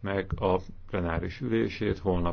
meg a plenáris ülését holnap